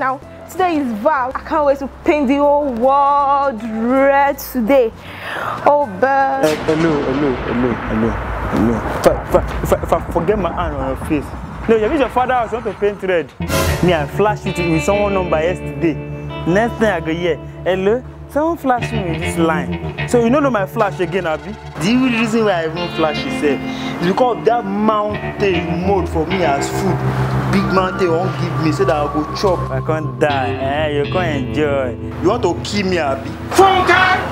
now today is Val. I can't wait to paint the whole world red today. Oh, but. Uh, hello, hello, hello, hello, hello. If I, if I, if I, if I forget my hand on your face. No, you your father was not to paint red. Me, I flashed it with someone number yesterday. Next thing I go, yeah, hello. Someone flash me with this line. So you no know my flash again, Abi? The only reason why I even flash is because that mountain mode for me as food. Big mountain won't give me so that I go chop. I can't die. Eh, you can't enjoy. You want to kill me, Abi? Funka!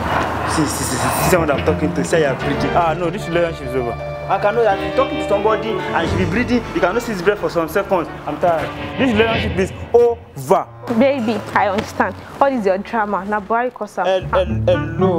See, see, see, see, see someone I'm talking to. Say you're breathing. Ah, no, this relationship is over. I can know that you're talking to somebody and she'll be breathing. You cannot see his breath for some seconds. I'm tired. This relationship is over. Baby, I understand. What is your drama? Na Buhari Kosa. Hello. Eh, eh,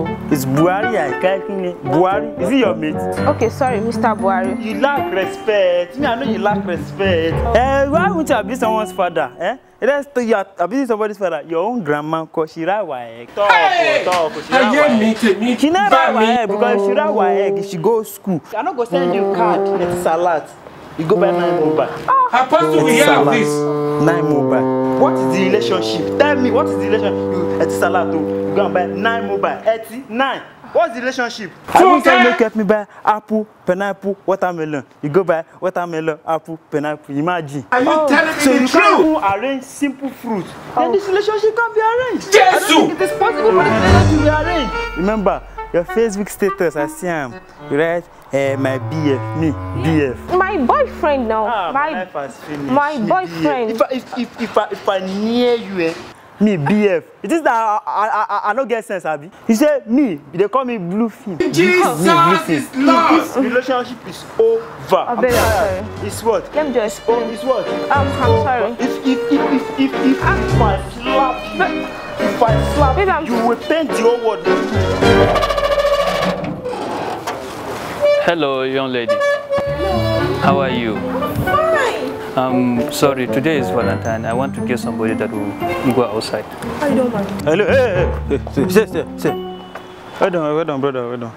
eh, It's Buhari Akakine. Buari, is he your mate? Okay, sorry, Mr. Buari. You lack respect. Me, I know you lack respect. Eh, uh, why won't you abuse someone's father? Eh? Let's tell you are abusing somebody's father. Your own grandma, cause Shira Waek. Talk, hey! Oh, talk, oh, Shira Waek. She never Waek because Shira Waek, she goes school. I no go send you card. It's Salat. You go buy nine mobile. Oh. Apostle, we hear of this. Nine mobile. What is the relationship? Tell me, what is the relationship? You eti salatu, you go and buy nine mobile, eti nine. What's the relationship? I want somebody help me buy apple, pineapple, watermelon. You go buy watermelon, apple, pineapple. Imagine. Are you oh. telling me so the truth? So you can't arrange simple fruit. Oh. Then this relationship can be arranged. Jesus! I don't think it is possible for this relationship to be arranged. Remember, your Facebook status, I see am. You write, eh, my BF, me, BF my boyfriend now. Ah, my life has finished. My boyfriend. If I, if, if, if I, if I near you, eh, me bf it is that i i i, I no get sense Abby. he said me they call me blue film jesus me, is lord this relationship is over i'm sorry, ah, sorry. it's what let me just explain oh, it's what um, it's i'm sorry if if if if if if ah. if i slap you if i slap Babe, I'm... you will paint the whole hello young lady hello. How are you? Fine. Um, sorry, today is Valentine. I want to get somebody that will go outside. I don't mind. Hello, hey, hey, hey. say, say. sit. Wait on, wait on, brother, wait on.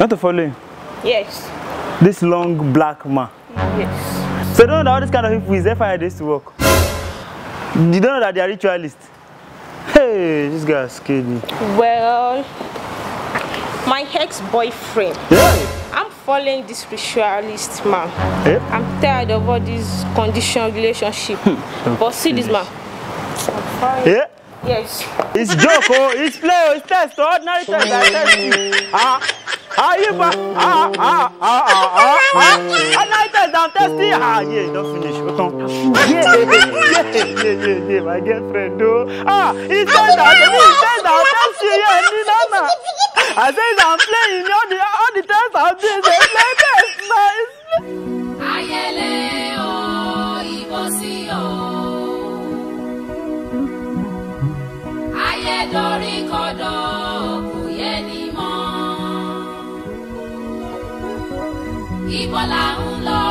want to follow him? Yes. This long black man? Yes. So you don't know how this kind of people is there for days to work? You don't know that they are ritualists? Hey, this guy scared me. Well, my ex-boyfriend. Yeah following this ritualist, man. Eh? I'm tired of all these conditional relationship. Hmm. But oh, see this man. Yeah. Yes. It's joke, oh, it's play, oh. it's test, oh. ordinary test, I test you. Ah, ah, you ba, ah, ah, ah, ah, ah, ah, ah, ordinary test, I'm testing. Ah, yeah, don't finish, hold on. Yeah, yeah, yeah, yeah, yeah, my girlfriend, oh. Ah, it's test, I'm testing, it's test, I'm testing, yeah, Nina, I said I'm playing, you're did it. Like, that's nice. Ayẹlẹ o, ìbọ̀sí o. Ayẹ̀dọ̀rí kọ̀dọ̀ kò ni mọ́. Ibo là ń lọ